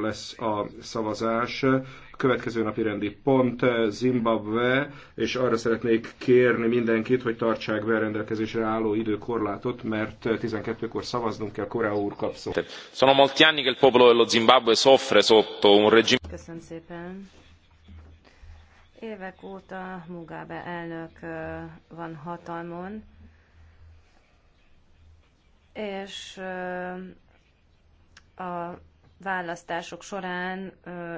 lesz a szavazás. A következő napi rendi pont Zimbabwe, és arra szeretnék kérni mindenkit, hogy tartsák be a rendelkezésre álló időkorlátot, mert 12-kor szavaznunk kell, Korea úr kap szó. Sono molti anni che il popolo dello Zimbabwe soffre sotto un regime... Köszönöm szépen. Évek óta Mugabe elnök van hatalmon, és a választások során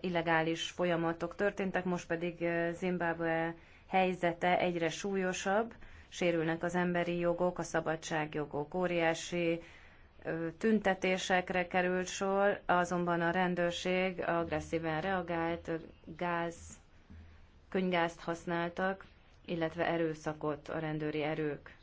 illegális folyamatok történtek, most pedig Zimbabwe helyzete egyre súlyosabb, sérülnek az emberi jogok, a szabadságjogok, óriási tüntetésekre került sor, azonban a rendőrség agresszíven reagált, gáz, könygázt használtak, illetve erőszakot a rendőri erők.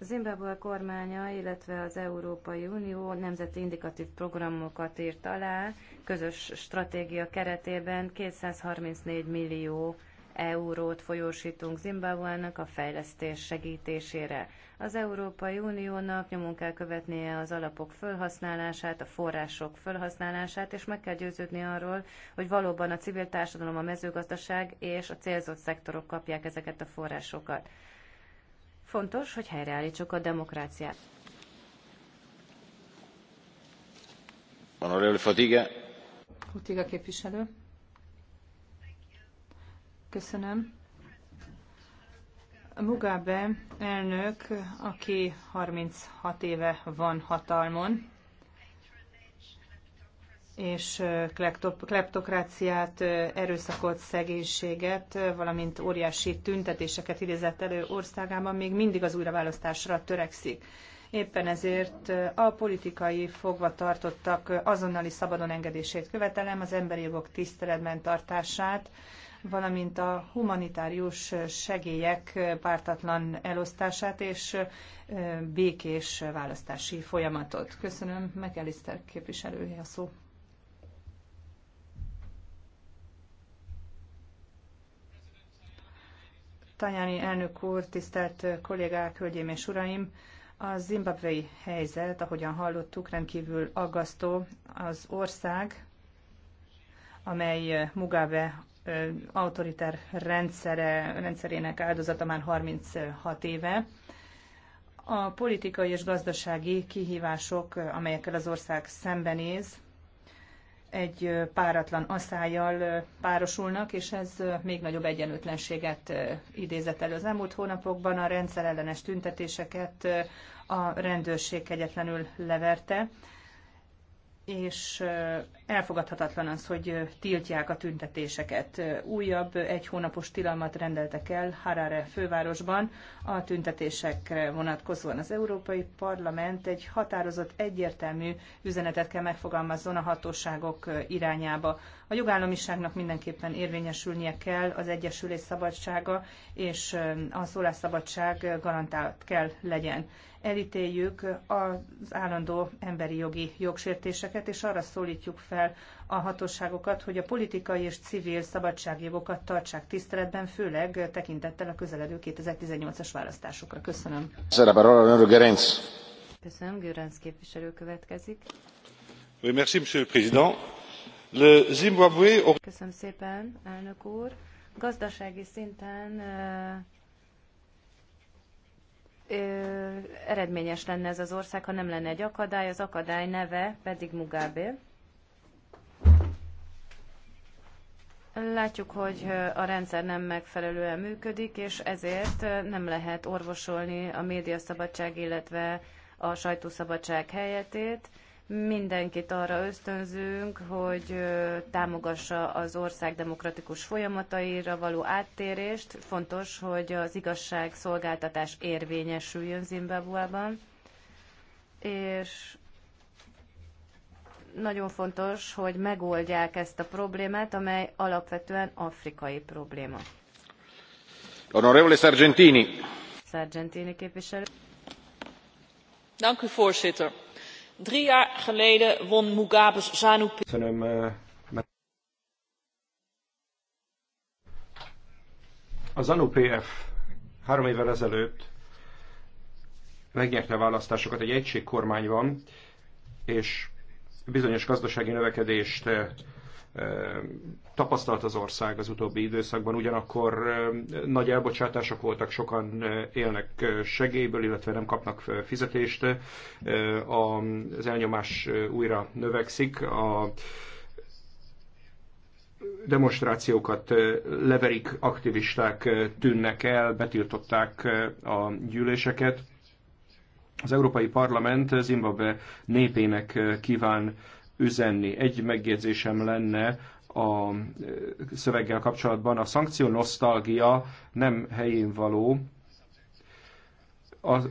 Zimbabwe kormánya, illetve az Európai Unió nemzeti indikatív programokat írt alá, közös stratégia keretében 234 millió eurót folyósítunk Zimbabwe-nak a fejlesztés segítésére. Az Európai Uniónak nyomon kell követnie az alapok felhasználását, a források felhasználását, és meg kell győződni arról, hogy valóban a civil társadalom, a mezőgazdaság és a célzott szektorok kapják ezeket a forrásokat. Fontos, hogy helyreállítsuk a demokráciát. Honorable Fatiga. Fatiga képviselő. Köszönöm. Mugabe elnök, aki 36 éve van hatalmon, és kleptokráciát, erőszakot, szegénységet, valamint óriási tüntetéseket idézett elő országában, még mindig az újraválasztásra törekszik. Éppen ezért a politikai fogvatartottak azonnali szabadon engedését követelem, az emberi jogok tiszteletben tartását, valamint a humanitárius segélyek pártatlan elosztását és békés választási folyamatot. Köszönöm, McAllister képviselője a szó. Tanyani elnök úr, tisztelt kollégák, hölgyeim és uraim! A zimbabvei helyzet, ahogyan hallottuk, rendkívül aggasztó. Az ország, amely Mugabe autoritár rendszere, rendszerének áldozata már 36 éve. A politikai és gazdasági kihívások, amelyekkel az ország szembenéz, egy páratlan aszályjal párosulnak, és ez még nagyobb egyenlőtlenséget idézett elő. Az elmúlt hónapokban a rendszerellenes tüntetéseket a rendőrség kegyetlenül leverte és elfogadhatatlan az, hogy tiltják a tüntetéseket. Újabb egy hónapos tilalmat rendeltek el Harare fővárosban a tüntetésekre vonatkozóan. Az Európai Parlament egy határozott, egyértelmű üzenetet kell megfogalmazzon a hatóságok irányába. A jogállamiságnak mindenképpen érvényesülnie kell az egyesülés szabadsága, és a szólásszabadság garantált kell legyen elítéljük az állandó emberi jogi jogsértéseket, és arra szólítjuk fel a hatóságokat, hogy a politikai és civil szabadságjogokat tartsák tiszteletben, főleg tekintettel a közeledő 2018-as választásokra. Köszönöm. Köszönöm, Görenc képviselő következik. Köszönöm szépen, elnök úr. Gazdasági szinten uh ö, eredményes lenne ez az ország, ha nem lenne egy akadály, az akadály neve pedig Mugabe. Látjuk, hogy a rendszer nem megfelelően működik, és ezért nem lehet orvosolni a médiaszabadság, illetve a sajtószabadság helyetét mindenkit arra ösztönzünk, hogy támogassa az ország demokratikus folyamataira való áttérést. Fontos, hogy az igazságszolgáltatás érvényesüljön Zimbabwe-ban, és nagyon fontos, hogy megoldják ezt a problémát, amely alapvetően afrikai probléma. Honorevole Sargentini. Sargentini képviselő. Dank u voorzitter Drie jaar geleden won Mugabe's zanu eh, A ZANU-PF három évvel ezelőtt megnyerte a választásokat, egy egységkormány van, és bizonyos gazdasági növekedést eh, tapasztalt az ország az utóbbi időszakban, ugyanakkor nagy elbocsátások voltak, sokan élnek segélyből, illetve nem kapnak fizetést, az elnyomás újra növekszik, a demonstrációkat leverik, aktivisták tűnnek el, betiltották a gyűléseket. Az Európai Parlament Zimbabwe népének kíván üzenni. Egy megjegyzésem lenne a szöveggel kapcsolatban. A szankció nosztalgia nem helyén való. Az,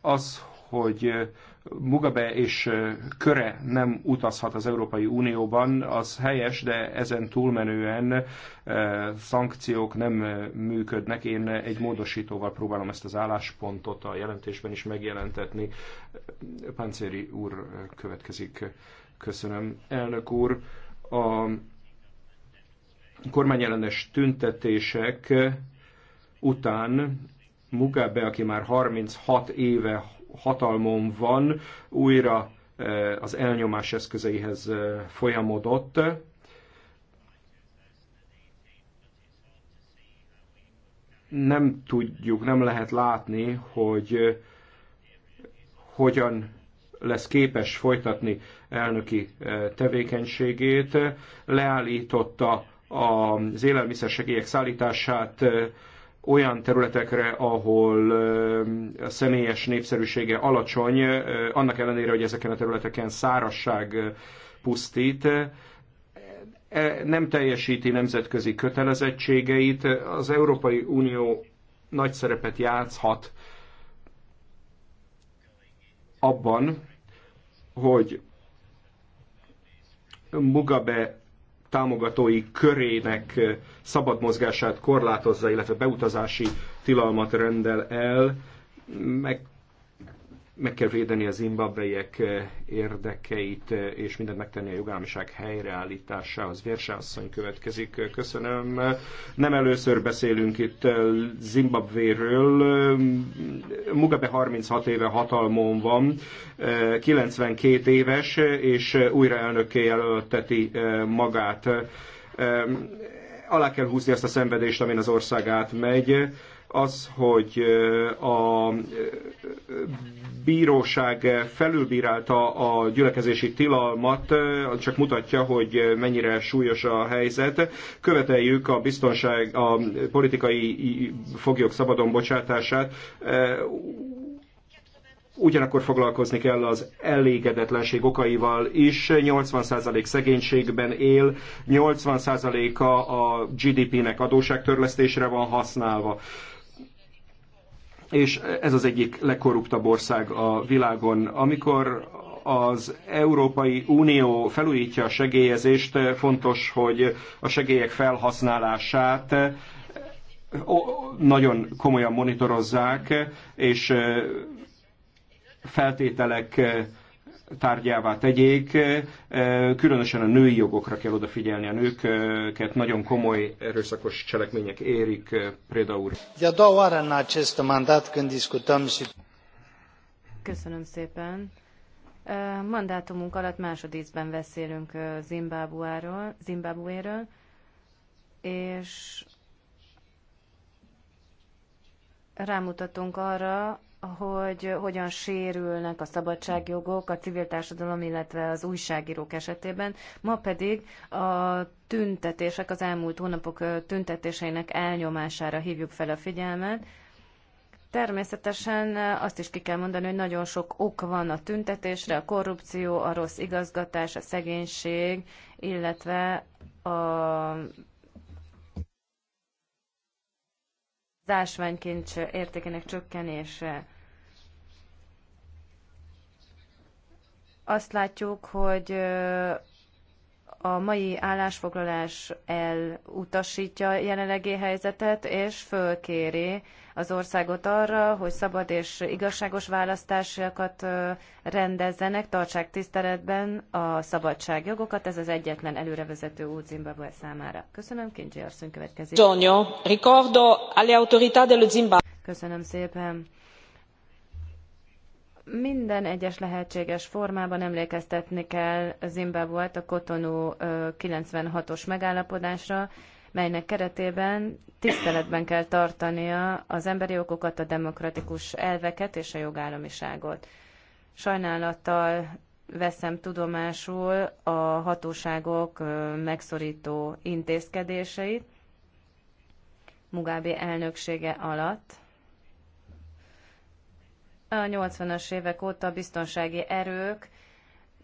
az hogy Mugabe és köre nem utazhat az Európai Unióban, az helyes, de ezen túlmenően szankciók nem működnek. Én egy módosítóval próbálom ezt az álláspontot a jelentésben is megjelentetni. Páncéri úr következik. Köszönöm, elnök úr. A kormányellenes tüntetések után Mugabe, aki már 36 éve hatalmon van, újra eh, az elnyomás eszközeihez eh, folyamodott. Nem tudjuk, nem lehet látni, hogy hogyan lesz képes folytatni elnöki eh, tevékenységét, leállította az élelmiszersegélyek szállítását eh, olyan területekre, ahol eh, a személyes népszerűsége alacsony, annak ellenére, hogy ezeken a területeken szárasság pusztít, nem teljesíti nemzetközi kötelezettségeit, az Európai Unió nagy szerepet játszhat abban, hogy Mugabe támogatói körének eh, szabad mozgását korlátozza, illetve beutazási tilalmat rendel el, meg meg kell védeni a zimbabweiek eh, érdekeit, eh, és mindent megtenni a jogállamiság helyreállításához. Vérseasszony következik. Köszönöm. Nem először beszélünk itt eh, Zimbabvéről. Mugabe 36 éve hatalmon van, 92 éves, és újra elnökké jelölteti magát. Alá kell húzni azt a szenvedést, amin az ország átmegy az, hogy a bíróság felülbírálta a gyülekezési tilalmat, csak mutatja, hogy mennyire súlyos a helyzet. Követeljük a biztonság, a politikai foglyok szabadon bocsátását ugyanakkor foglalkozni kell az elégedetlenség okaival is. 80% szegénységben él, 80%-a a, a GDP-nek adóságtörlesztésre van használva és ez az egyik legkorruptabb ország a világon. Amikor az Európai Unió felújítja a segélyezést, fontos, hogy a segélyek felhasználását nagyon komolyan monitorozzák, és feltételek tárgyává tegyék. Különösen a női jogokra kell odafigyelni. A nőket nagyon komoly erőszakos cselekmények érik, Préda úr. E Köszönöm szépen. Mandátumunk alatt másodízben beszélünk Zimbabwe-ről, és rámutatunk arra, hogy hogyan sérülnek a szabadságjogok a civil társadalom, illetve az újságírók esetében. Ma pedig a tüntetések, az elmúlt hónapok tüntetéseinek elnyomására hívjuk fel a figyelmet. Természetesen azt is ki kell mondani, hogy nagyon sok ok van a tüntetésre, a korrupció, a rossz igazgatás, a szegénység, illetve a az ásványkincs értékének csökkenése. Azt látjuk, hogy a mai állásfoglalás elutasítja jelenlegi helyzetet, és fölkéri az országot arra, hogy szabad és igazságos választásokat rendezzenek, tartsák tiszteletben a szabadságjogokat. Ez az egyetlen előrevezető út Zimbabwe számára. Köszönöm, Kincsi Arszony következik. Köszönöm szépen minden egyes lehetséges formában emlékeztetni kell Zimbabwe-t a kotonu 96-os megállapodásra, melynek keretében tiszteletben kell tartania az emberi jogokat, a demokratikus elveket és a jogállamiságot. Sajnálattal veszem tudomásul a hatóságok megszorító intézkedéseit Mugabe elnöksége alatt, a 80-as évek óta a biztonsági erők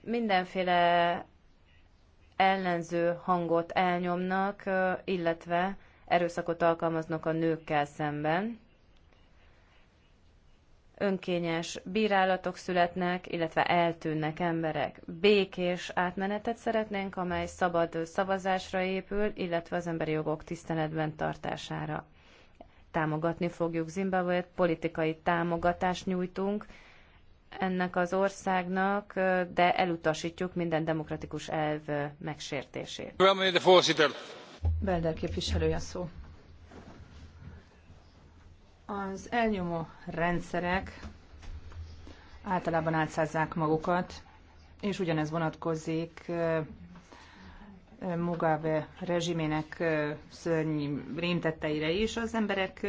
mindenféle ellenző hangot elnyomnak, illetve erőszakot alkalmaznak a nőkkel szemben. Önkényes bírálatok születnek, illetve eltűnnek emberek. Békés átmenetet szeretnénk, amely szabad szavazásra épül, illetve az emberi jogok tiszteletben tartására támogatni fogjuk zimbabwe politikai támogatást nyújtunk ennek az országnak, de elutasítjuk minden demokratikus elv megsértését. Belder képviselője szó. Az elnyomó rendszerek általában átszázzák magukat, és ugyanez vonatkozik Mugabe rezsimének szörny rémtetteire is. Az emberek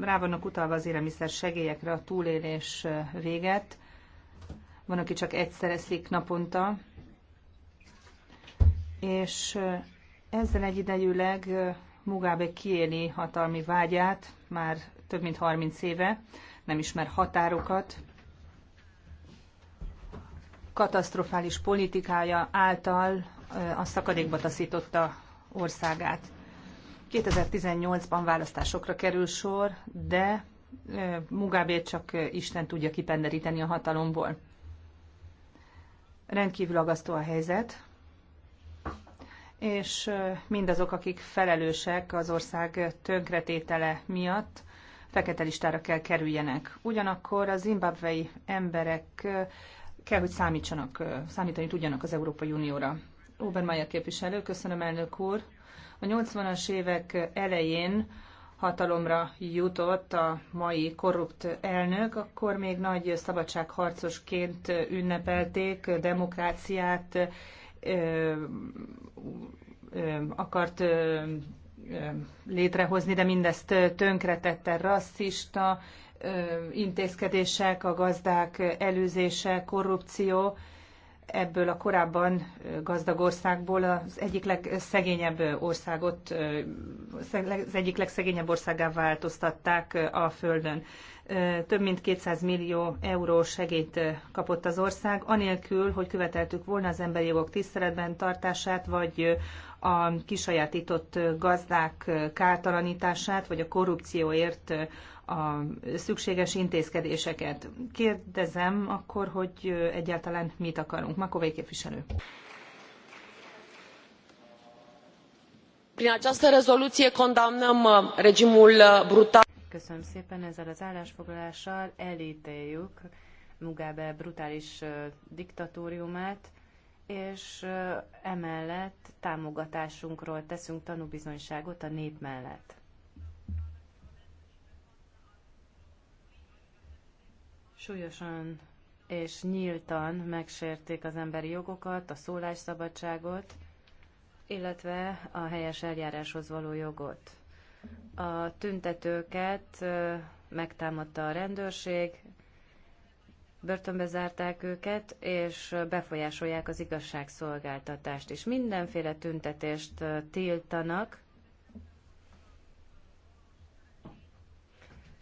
rá vannak utalva az élelmiszer segélyekre, a túlélés véget. Van, aki csak egyszer eszik naponta. És ezzel egyidejűleg Mugabe kiéli hatalmi vágyát már több mint 30 éve, nem ismer határokat, katasztrofális politikája által a szakadékba taszította országát. 2018-ban választásokra kerül sor, de Mugabe csak Isten tudja kipenderíteni a hatalomból. Rendkívül agasztó a helyzet, és mindazok, akik felelősek az ország tönkretétele miatt, fekete listára kell kerüljenek. Ugyanakkor a zimbabvei emberek kell, hogy számítsanak, számítani tudjanak az Európai Unióra. Obermeier képviselő, köszönöm elnök úr. A 80-as évek elején hatalomra jutott a mai korrupt elnök, akkor még nagy szabadságharcosként ünnepelték demokráciát, akart létrehozni, de mindezt tönkretette rasszista intézkedések, a gazdák előzése, korrupció, ebből a korábban gazdag országból az egyik legszegényebb országot, az egyik legszegényebb országá változtatták a Földön több mint 200 millió euró segélyt kapott az ország, anélkül, hogy követeltük volna az emberi jogok tiszteletben tartását, vagy a kisajátított gazdák kártalanítását, vagy a korrupcióért a szükséges intézkedéseket. Kérdezem akkor, hogy egyáltalán mit akarunk. Makovei képviselő. Prin această rezoluție condamnăm uh, regimul uh, brutal Köszönöm szépen, ezzel az állásfoglalással elítéljük Mugabe brutális diktatóriumát, és emellett támogatásunkról teszünk tanúbizonyságot a nép mellett. Súlyosan és nyíltan megsérték az emberi jogokat, a szólásszabadságot, illetve a helyes eljáráshoz való jogot. A tüntetőket megtámadta a rendőrség, börtönbe zárták őket, és befolyásolják az igazságszolgáltatást is. Mindenféle tüntetést tiltanak,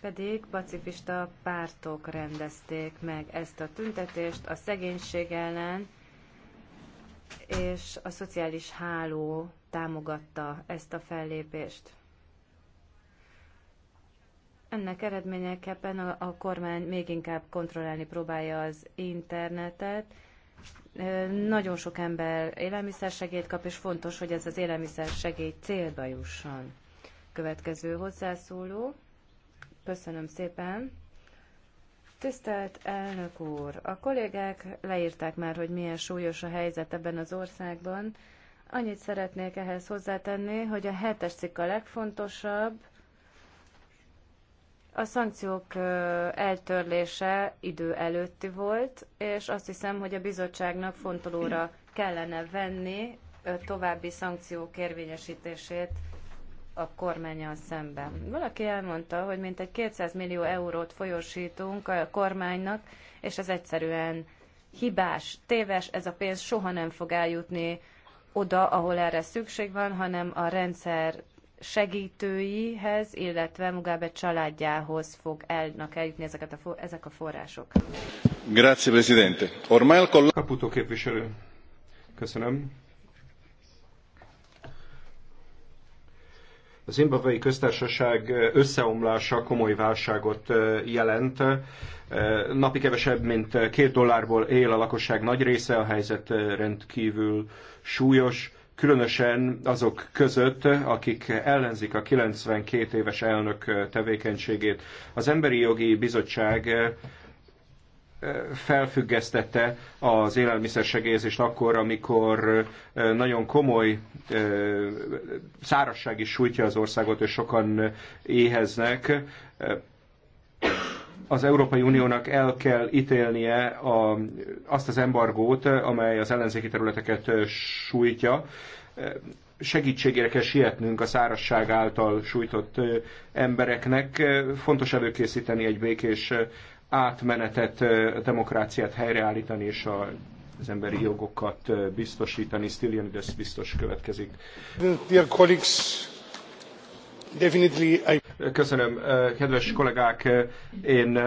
pedig pacifista pártok rendezték meg ezt a tüntetést a szegénység ellen, és a szociális háló támogatta ezt a fellépést. Ennek eredményeképpen a, a kormány még inkább kontrollálni próbálja az internetet. Nagyon sok ember élelmiszersegélyt kap, és fontos, hogy ez az élelmiszersegély célba jusson. Következő hozzászóló. Köszönöm szépen. Tisztelt elnök úr! A kollégák leírták már, hogy milyen súlyos a helyzet ebben az országban. Annyit szeretnék ehhez hozzátenni, hogy a hetes cikk a legfontosabb, a szankciók eltörlése idő előtti volt, és azt hiszem, hogy a bizottságnak fontolóra kellene venni további szankciók érvényesítését a kormányal szemben. Valaki elmondta, hogy mintegy 200 millió eurót folyosítunk a kormánynak, és ez egyszerűen hibás, téves, ez a pénz soha nem fog eljutni oda, ahol erre szükség van, hanem a rendszer segítőihez, illetve Mugabe családjához fognak eljutni ezeket a, ezek a források. Grazie, Presidente. Ormai a Caputo képviselő. Köszönöm. A zimbabwei köztársaság összeomlása komoly válságot eh, jelent. Eh, napi kevesebb, mint két dollárból él a lakosság nagy része, a helyzet eh, rendkívül súlyos különösen azok között, akik ellenzik a 92 éves elnök tevékenységét. Az Emberi Jogi Bizottság eh, felfüggesztette az élelmiszersegélyezést akkor, amikor eh, nagyon komoly eh, szárasság is sújtja az országot, és sokan éheznek az Európai Uniónak el kell ítélnie a, azt az embargót, amely az ellenzéki területeket sújtja. Segítségére kell sietnünk a szárasság által sújtott embereknek. Fontos előkészíteni egy békés átmenetet, demokráciát helyreállítani és a az emberi jogokat biztosítani. Stylianides biztos következik. Dear colleagues, definitely I... Köszönöm, kedves kollégák, én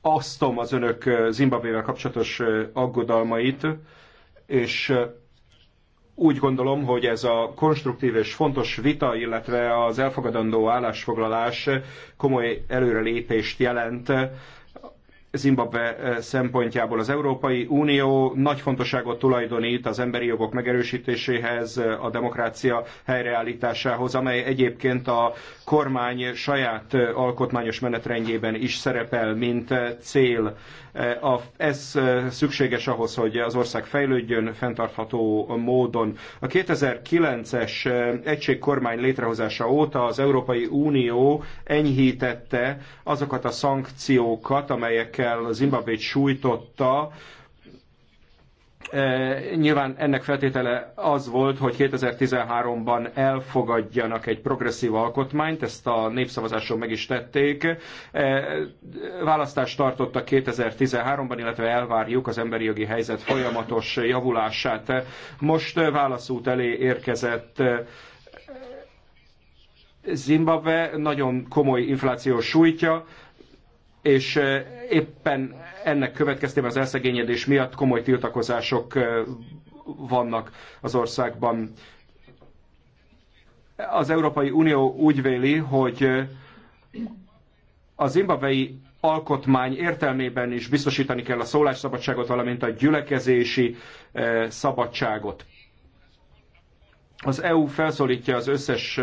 osztom az önök Zimbabvével kapcsolatos aggodalmait, és úgy gondolom, hogy ez a konstruktív és fontos vita, illetve az elfogadandó állásfoglalás komoly előrelépést jelent Zimbabwe eh, szempontjából az Európai Unió nagy fontosságot tulajdonít az emberi jogok megerősítéséhez, eh, a demokrácia helyreállításához, amely egyébként a kormány saját eh, alkotmányos menetrendjében is szerepel, mint cél. Ez szükséges ahhoz, hogy az ország fejlődjön fenntartható módon. A 2009-es egységkormány létrehozása óta az Európai Unió enyhítette azokat a szankciókat, amelyek amelyekkel Zimbabvét sújtotta, e, Nyilván ennek feltétele az volt, hogy 2013-ban elfogadjanak egy progresszív alkotmányt, ezt a népszavazáson meg is tették. E, választást tartottak 2013-ban, illetve elvárjuk az emberi jogi helyzet folyamatos javulását. Most válaszút elé érkezett e, Zimbabwe nagyon komoly infláció sújtja, és éppen ennek következtében az elszegényedés miatt komoly tiltakozások vannak az országban. Az Európai Unió úgy véli, hogy a zimbabvei alkotmány értelmében is biztosítani kell a szólásszabadságot, valamint a gyülekezési szabadságot. Az EU felszólítja az összes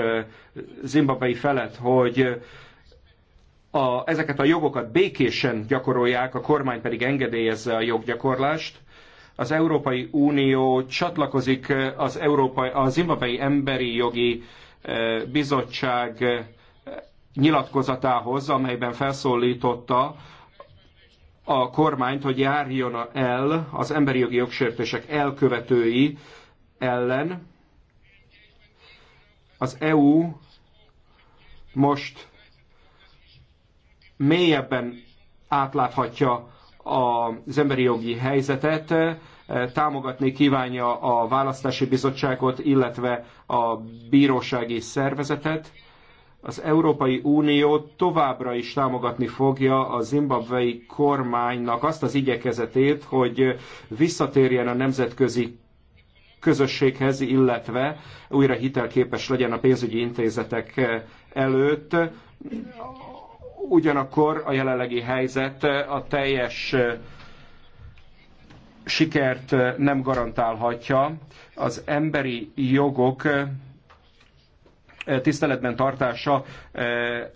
zimbabvei felet, hogy a, ezeket a jogokat békésen gyakorolják, a kormány pedig engedélyezze a joggyakorlást. Az Európai Unió csatlakozik az, Európai, az Zimbabwei Emberi Jogi eh, Bizottság eh, nyilatkozatához, amelyben felszólította a kormányt, hogy járjon el az emberi jogi jogsértések elkövetői ellen. Az EU most mélyebben átláthatja az emberi jogi helyzetet, támogatni kívánja a választási bizottságot, illetve a bírósági szervezetet. Az Európai Unió továbbra is támogatni fogja a zimbabvei kormánynak azt az igyekezetét, hogy visszatérjen a nemzetközi közösséghez, illetve újra hitelképes legyen a pénzügyi intézetek előtt Ugyanakkor a jelenlegi helyzet a teljes sikert nem garantálhatja. Az emberi jogok tiszteletben tartása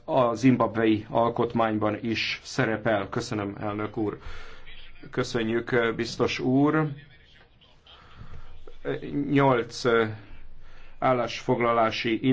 a zimbabvei alkotmányban is szerepel. Köszönöm, elnök úr. Köszönjük, biztos úr. Nyolc állásfoglalási